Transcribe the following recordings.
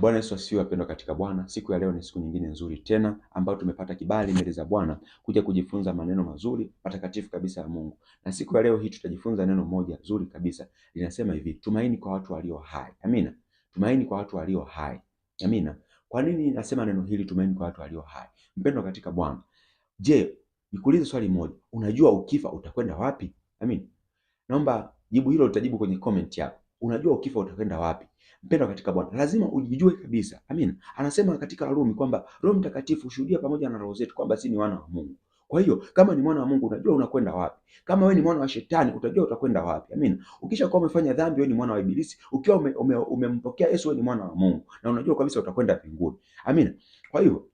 Bwana Yesu asiwe apendwa katika Bwana. Siku ya leo ni siku nyingine nzuri tena ambayo tumepata kibali mbele za Bwana kuja kujifunza maneno mazuri matakatifu kabisa ya Mungu, na siku ya leo hii tutajifunza neno moja zuri kabisa, linasema hivi: tumaini kwa watu walio hai. Amina, tumaini kwa watu walio hai. Amina. Kwa nini nasema neno hili, tumaini kwa watu walio hai? Mpendwa katika Bwana, je, nikuulize swali moja, unajua ukifa utakwenda wapi? Amina. Naomba jibu hilo utajibu kwenye comment yako unajua ukifa utakwenda wapi. Mpendwa katika Bwana, lazima ujijue kabisa. Amina. Anasema katika Warumi kwamba Roho Mtakatifu hushuhudia pamoja na roho zetu kwamba sisi ni wana wa Mungu. Kwa hiyo kama ni mwana wa Mungu unajua unakwenda wapi. Kama wewe ni mwana wa shetani utajua utakwenda wapi. Amina. Ukisha kuwa umefanya dhambi wewe ni mwana wa Ibilisi, ukiwa umempokea ume, ume Yesu wewe ni mwana wa Mungu na unajua kabisa utakwenda mbinguni. Amina. Kwa hiyo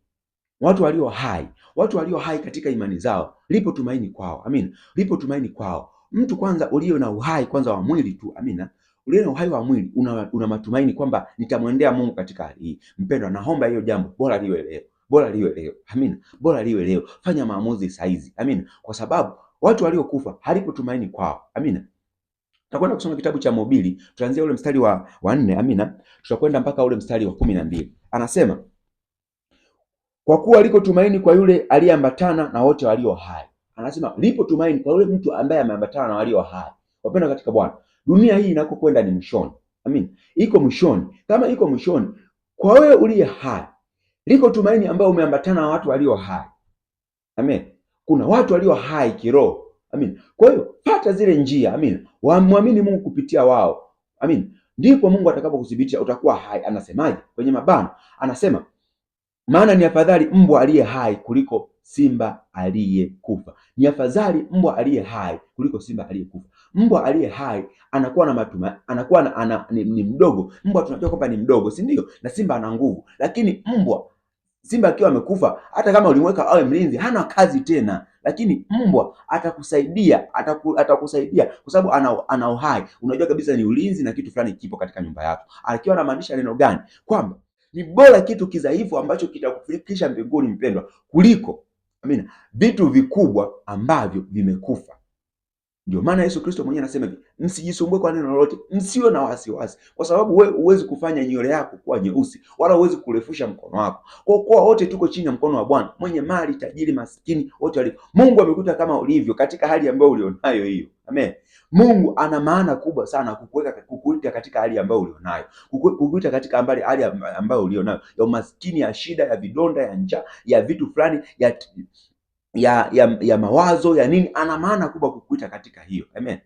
watu walio hai, watu walio hai katika imani zao, lipo tumaini kwao. Amina. Lipo tumaini kwao. Mtu kwanza ulio na uhai kwanza wa mwili tu. Amina ule na uhai wa mwili una, una matumaini kwamba nitamwendea Mungu katika hali hii. Mpendwa, naomba hiyo jambo bora liwe leo, bora liwe leo. Amina, bora liwe leo. Fanya maamuzi saizi. Amina, kwa sababu watu waliokufa halipo tumaini kwao. Amina. Tutakwenda kusoma kitabu cha Mhubiri, tutaanzia ule mstari wa, wa nne. Amina, tutakwenda mpaka ule mstari wa kumi na mbili. Anasema, kwa kuwa liko tumaini kwa yule aliyeambatana na wote walio hai. Anasema lipo tumaini kwa yule mtu ambaye ameambatana na walio hai. Wapendwa katika Bwana, Dunia hii inakokwenda ni mwishoni. Amin. Iko mwishoni. Kama iko mwishoni, kwa wewe uliye hai, liko tumaini ambayo umeambatana na watu walio hai. Amen, Kuna watu walio hai kiroho. Amin. Kwa hiyo pata zile njia, amin. Wamwamini Mungu kupitia wao. Amin. Ndipo Mungu atakapokuthibitisha utakuwa hai. Anasemaje? Kwenye mabano anasema maana ni afadhali mbwa aliye hai kuliko simba aliyekufa. Ni afadhali mbwa aliye hai kuliko simba aliyekufa. Mbwa aliye hai anakuwa na matuma, anakuwa na, ana, ni, ni mdogo. Mbwa tunajua kwamba ni mdogo, si ndio? Na simba ana nguvu, lakini mbwa simba akiwa amekufa, hata kama ulimweka awe mlinzi, hana kazi tena, lakini mbwa atakusaidia, ataku, atakusaidia kwa sababu ana, ana uhai. Unajua kabisa ni ulinzi na kitu fulani kipo katika nyumba yako. Akiwa anamaanisha neno gani? Kwamba ni bora kitu kidhaifu ambacho kitakufikisha mbinguni, mpendwa, kuliko amina, vitu vikubwa ambavyo vimekufa. Ndio maana Yesu Kristo mwenyewe anasema hivi, msijisumbue kwa neno lolote, msiwe na wasiwasi, kwa sababu wewe huwezi kufanya nywele yako kuwa nyeusi, wala huwezi kurefusha mkono wako. Kwa kuwa wote tuko chini ya mkono wa Bwana, mwenye mali, tajiri, maskini, wote walivyo. Mungu amekuta kama ulivyo katika hali ambayo ulionayo hiyo. Amen. Mungu ana maana kubwa sana kukuweka, kukuita katika hali ambayo ulionayo, kukuita katika ambali, hali ambayo ulionayo ya umaskini, ya shida, ya vidonda, ya njaa, ya vitu fulani, ya ya, ya, ya mawazo ya nini, ana maana kubwa kukuita katika hiyo. Amen.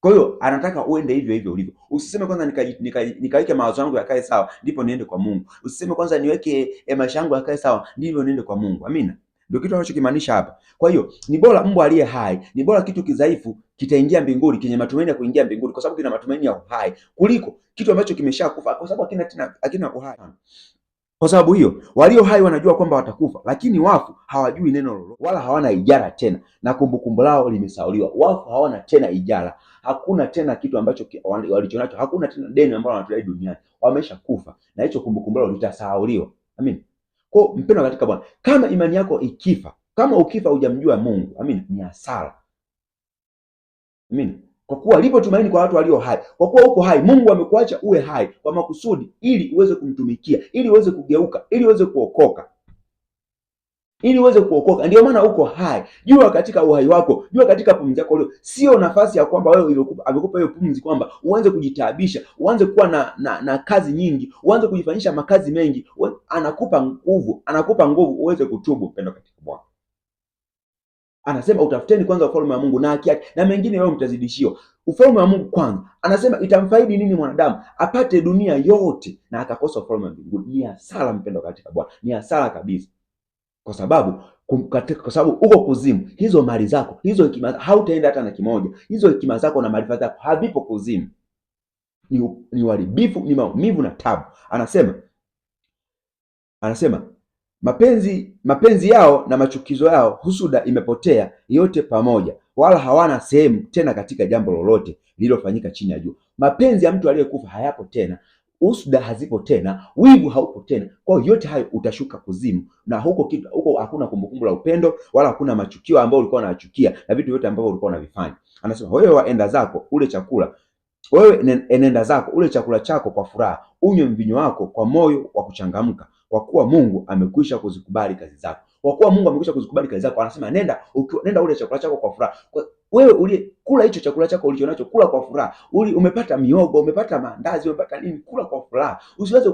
Kwa hiyo anataka uende hivyo hivyo ulivyo. Usiseme kwanza nikaweke nika, nika mawazo yangu yakae sawa ndipo niende kwa Mungu. Usiseme kwanza niweke e, maisha yangu yakae sawa ndivyo niende kwa Mungu. Amina. Ndio kitu anachokimaanisha hapa. Kwa hiyo ni bora mbwa aliye hai, ni bora kitu kidhaifu kitaingia mbinguni, chenye matumaini ya kuingia mbinguni, kwa sababu kina matumaini ya uhai kuliko kitu ambacho kimeshakufa, kwa sababu hakina hakina uhai. Kwa sababu hiyo walio hai wanajua kwamba watakufa, lakini wafu hawajui neno lolote, wala hawana ijara tena, na kumbukumbu lao limesauliwa. Wafu hawana tena ijara, hakuna tena kitu ambacho walichonacho, hakuna tena deni ambalo wanatudai duniani. wamesha kufa na hicho kumbukumbu lao litasauliwa. Amin. Kwa mpendo katika Bwana, kama imani yako ikifa, kama ukifa hujamjua Mungu, amin, ni hasara. Amin kwa kuwa lipo tumaini kwa watu walio hai. Kwa kuwa uko hai, Mungu amekuacha uwe hai kwa makusudi, ili uweze kumtumikia, ili uweze kugeuka, ili uweze kuokoka, ili uweze kuokoka. Ndio maana uko hai. Jua katika uhai wako, jua katika pumzi yako leo, sio nafasi ya kwamba wewe amekupa hiyo pumzi kwamba uanze kujitaabisha, uanze kuwa na, na, na kazi nyingi, uanze kujifanyisha makazi mengi. Anakupa nguvu, anakupa nguvu uweze kutubu, pendo katika Bwana anasema utafuteni kwanza ufalme wa Mungu na haki yake, na mengine yao mtazidishiwa. Ufalme wa Mungu kwanza, anasema itamfaidi nini mwanadamu apate dunia yote na akakosa ufalme wa mbinguni? Ni hasara mpendo katika Bwana, ni hasara kabisa, kwa sababu kwa sababu uko kuzimu. Hizo mali zako hizo hekima hautaenda hata na kimoja. Hizo hekima zako na maarifa zako havipo kuzimu, ni uharibifu, ni maumivu na tabu. Anasema anasema mapenzi mapenzi yao na machukizo yao, husuda imepotea yote pamoja, wala hawana sehemu tena katika jambo lolote lililofanyika chini ya jua. Mapenzi ya mtu aliyekufa hayapo tena, husuda hazipo tena, wivu haupo tena. Kwa hiyo yote hayo utashuka kuzimu, na huko kitu huko hakuna kumbukumbu la upendo wala hakuna machukio ambayo ulikuwa unachukia na vitu vyote ambavyo ulikuwa unavifanya. Anasema wewe waenda zako ule chakula wewe enenda zako ule chakula chako kwa furaha, unywe mvinyo wako kwa moyo wa kuchangamka, kwa kuwa Mungu amekwisha kuzikubali kazi zako. Kwa kuwa Mungu amekwisha kuzikubali kazi zako, anasema nenda ukiwa, nenda ule chakula chako kwa furaha. Wewe ulie kula hicho chakula chako ulichonacho, kula kwa furaha. Uli umepata miogo, umepata maandazi, umepata nini, kula kwa furaha. Usiweze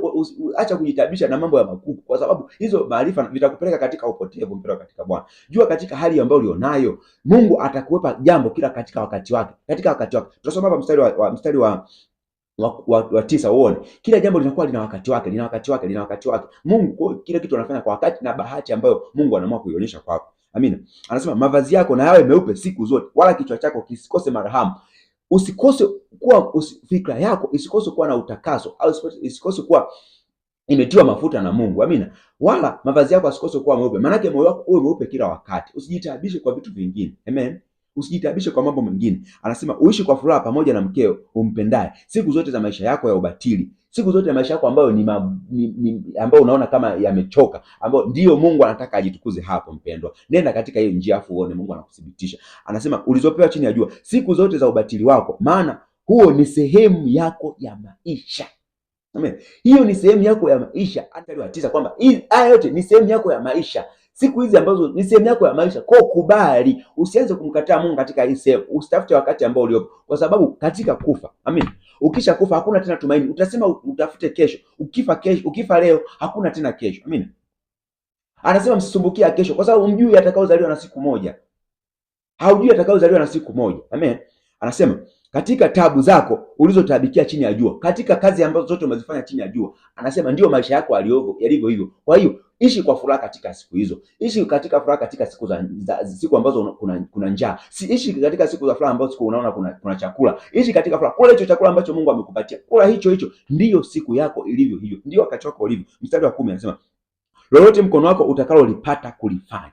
acha kujitabisha na mambo ya makuku, kwa sababu hizo maarifa vitakupeleka katika upotevu mpira katika Bwana. Jua katika hali ambayo ulionayo, Mungu atakuwepa jambo kila katika wakati wake, katika wakati wake. Tunasoma hapa mstari wa, wa mstari wa wa, wa, tisa uone kila jambo linakuwa lina wakati wake, lina wakati wake, lina wakati wake. Mungu kila kitu anafanya kwa wakati na bahati ambayo Mungu anaamua kuionyesha kwako. Amina. Anasema mavazi yako na yawe meupe siku zote, wala kichwa chako kisikose marhamu. Usikose kuwa usi, fikra yako isikose kuwa na utakaso au isikose kuwa imetiwa mafuta na Mungu. Amina. Wala mavazi yako asikose kuwa meupe, maanake moyo wako uwe meupe kila wakati, usijitaabishe kwa vitu vingine. Amen usijitabishe kwa mambo mengine. Anasema uishi kwa furaha pamoja na mkeo umpendaye siku zote za maisha yako ya ubatili, siku zote za maisha yako ambayo ni, ma, ni, ni ambayo unaona kama yamechoka, ambayo ndiyo Mungu anataka ajitukuze hapo. Mpendwa, nenda katika hiyo njia afu uone Mungu anakuthibitisha. Anasema ulizopewa chini ya jua siku zote za ubatili wako, maana huo ni sehemu yako ya maisha. Amen, hiyo ni sehemu yako ya maisha. Hata leo atiza kwamba haya yote ni sehemu yako ya maisha siku hizi ambazo ni sehemu yako ya maisha. Kwa kubali, usianze kumkataa Mungu katika hii sehemu, usitafute wakati ambao uliopo, kwa sababu katika kufa, amin, ukisha kufa hakuna tena tumaini. Utasema utafute kesho, ukifa kesho, ukifa leo hakuna tena kesho, amin. Anasema msisumbukie kesho, kwa sababu mjui atakaozaliwa na siku moja, haujui atakaozaliwa na siku moja, amen. Anasema katika tabu zako ulizotabikia chini ya jua, katika kazi ambazo zote umezifanya chini ya jua. Anasema ndiyo maisha yako yalivyo hivyo. Kwa hiyo ishi kwa furaha katika siku hizo, ishi katika furaha katika siku za, za siku ambazo kuna, kuna njaa, si ishi katika siku za furaha ambazo siku unaona kuna, kuna chakula. Ishi katika furaha, kula hicho chakula ambacho Mungu amekupatia, kula hicho hicho. Ndiyo siku yako ilivyo hivyo, ndio wakati wako ulivyo. Mstari wa kumi anasema lolote mkono wako utakalolipata kulifanya,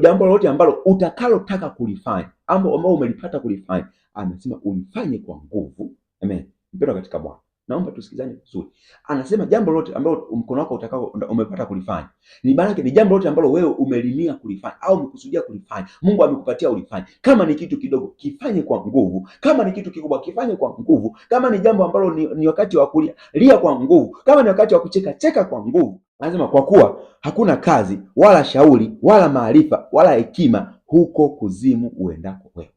jambo lolote ambalo utakalotaka kulifanya, ambo ambao umelipata kulifanya, anasema ulifanye kwa nguvu. Amen, mpendwa katika Bwana, naomba tusikizane vizuri. Anasema jambo lolote ambalo mkono wako utakao umepata kulifanya, ni maana ni jambo lolote ambalo wewe umelimia kulifanya au umekusudia kulifanya, Mungu amekupatia ulifanye. Kama ni kitu kidogo, kifanye kwa nguvu. Kama ni kitu kikubwa, kifanye kwa nguvu. Kama ni jambo ambalo ni, ni wakati wa kulia lia kwa nguvu. Kama ni wakati wa kucheka cheka kwa nguvu. Anasema kwa kuwa hakuna kazi wala shauri wala maarifa wala hekima huko kuzimu uendako wewe.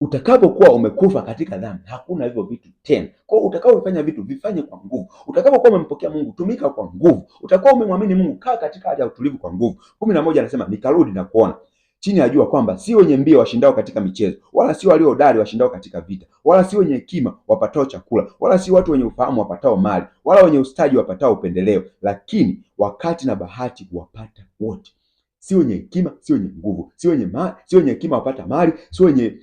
Utakapokuwa umekufa katika dhambi, hakuna hivyo vitu tena. Kwa hiyo utakapofanya vitu vifanye kwa nguvu. Utakapokuwa umempokea Mungu, tumika kwa nguvu. Utakuwa umemwamini Mungu, kaa katika hali ya utulivu kwa nguvu. kumi na moja anasema nikarudi na kuona chini ya jua kwamba si wenye mbio washindao katika michezo, wala si walio hodari washindao katika vita, wala si wenye hekima wapatao chakula, wala si watu wenye ufahamu wapatao mali, wala wenye ustaji wapatao upendeleo, lakini wakati na bahati huwapata wote. Si wenye hekima, si wenye nguvu, si wenye mali, si wenye hekima wapata mali, si wenye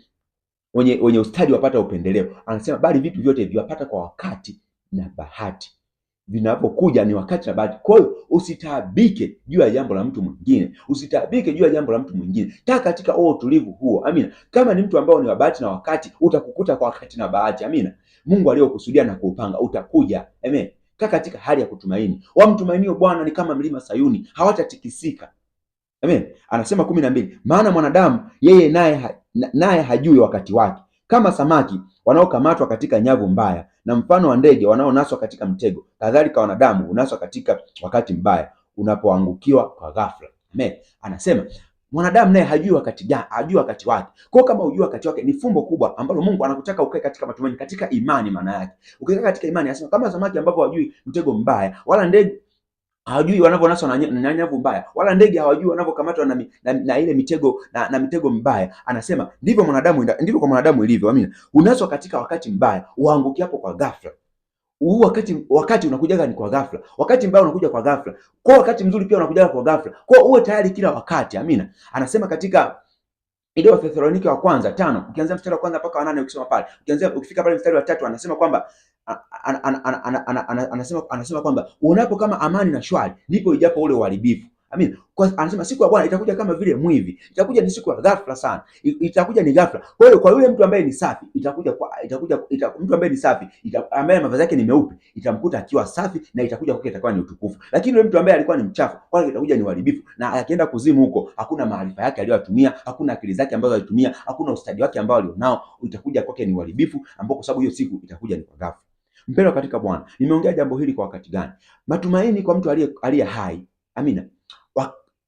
wenye, wenye ustadi wapata upendeleo. Anasema bali vitu vyote viwapata kwa wakati na bahati vinapokuja ni wakati na bahati. Kwa hiyo usitaabike juu ya jambo la mtu mwingine, usitaabike juu ya jambo la mtu mwingine. Kaa katika huo oh, utulivu huo, amina. Kama ni mtu ambao ni wa bahati na wakati, utakukuta kwa wakati na bahati, amina. Mungu aliyokusudia na kuupanga utakuja, amen. Kaa katika hali ya kutumaini. Wamtumainio Bwana ni kama mlima Sayuni, hawatatikisika. Amen. Anasema kumi na mbili, maana mwanadamu yeye naye ha, naye hajui wakati wake kama samaki wanaokamatwa katika nyavu mbaya na mfano wa ndege wanaonaswa katika mtego, kadhalika wanadamu hunaswa katika wakati mbaya unapoangukiwa kwa ghafla. Amen. Anasema mwanadamu naye hajui wakati gani, hajui wakati wake. Kwa kama hujui wakati wake, ni fumbo kubwa ambalo Mungu anakutaka ukae katika matumaini, katika imani. Maana yake ukikaa katika imani, anasema kama samaki ambao hajui mtego mbaya wala ndege hawajui wanavyonaswa na nyanyavu mbaya, wala ndege hawajui wanavyokamatwa na, na, na ile mitego na, na mitego mbaya. Anasema ndivyo mwanadamu, ndivyo kwa mwanadamu ilivyo. Amina, unaswa katika wakati mbaya, uanguki hapo kwa ghafla. Huu wakati wakati unakujaga ni kwa ghafla, wakati mbaya unakuja kwa ghafla, kwa wakati mzuri pia unakujaga kwa ghafla, kwa uwe tayari kila wakati. Amina, anasema katika ile Thessalonike wa kwanza tano ukianzia mstari wa kwanza mpaka wa nane ukisoma pale, ukianzia ukifika pale mstari wa tatu anasema kwamba anasema anasema kwamba uonapo kama amani na shwari, ndipo ijapo ule uharibifu. Amin. Kwa anasema siku ya Bwana itakuja kama vile mwivi. Itakuja ni siku ya ghafla sana. Itakuja ni ghafla. Kwa hiyo kwa yule mtu ambaye ni safi, itakuja kwa itakuja ita, mtu ambaye ni safi, ita, ambaye mavazi yake ni meupe, itamkuta akiwa safi na itakuja kwake itakuwa ni utukufu. Lakini yule mtu ambaye alikuwa ni mchafu, kwake itakuja ni uharibifu na akienda kuzimu huko, hakuna maarifa yake aliyotumia, hakuna akili zake ambazo alitumia, hakuna ustadi wake ambao alionao, itakuja kwake ni uharibifu ambao kwa sababu hiyo siku itakuja ni kwa ghafla. Mpendwa katika Bwana, nimeongea jambo hili kwa wakati gani? Matumaini kwa mtu aliye aliye hai. Amina.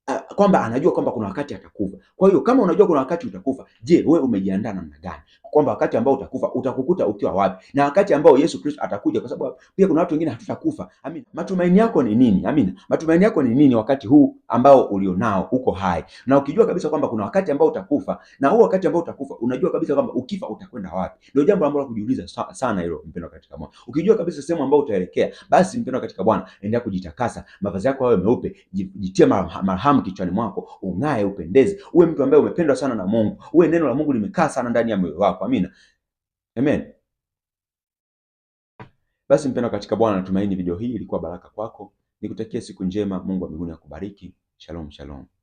Ah, kwamba anajua kwamba kuna wakati atakufa. Kwa hiyo kama unajua kuna wakati utakufa, je, wewe umejiandaa namna gani? Kwamba wakati ambao utakufa utakukuta ukiwa wapi, na wakati ambao Yesu Kristo atakuja, kwa sababu pia kuna watu wengine hatutakufa. Amina. Matumaini yako ni nini? Amina. Matumaini yako ni nini wakati huu ambao ulionao uko hai, na ukijua kabisa kwamba kuna wakati ambao utakufa, na huo wakati ambao utakufa unajua kabisa kwamba ukifa utakwenda wapi? Ndio jambo ambalo kujiuliza sana hilo, mpendwa katika Bwana. Ukijua kabisa sehemu ambao utaelekea, basi mpendwa katika Bwana, endelea kujitakasa, mavazi yako yawe meupe, jitie marhamu damu kichwani mwako, ung'ae, upendeze, uwe mtu ambaye umependwa sana na Mungu, uwe neno la Mungu limekaa sana ndani ya moyo wako. Amina, amen. Basi mpendwa katika Bwana, natumaini video hii ilikuwa baraka kwako. Nikutakia siku njema, Mungu wa mbinguni akubariki. Shalom, shalom.